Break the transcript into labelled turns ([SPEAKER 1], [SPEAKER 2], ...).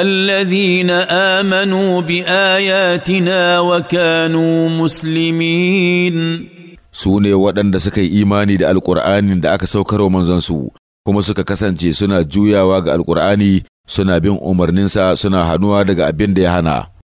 [SPEAKER 1] الذين امنوا باياتنا وكانوا musulmin.
[SPEAKER 2] su ne waɗanda suka yi imani da alƙur'anin da aka
[SPEAKER 3] saukar wa manzansu kuma suka kasance suna juyawa ga alƙur'ani suna bin umarninsa suna hannuwa daga abin da ya hana